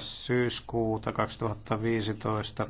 syyskuuta 2015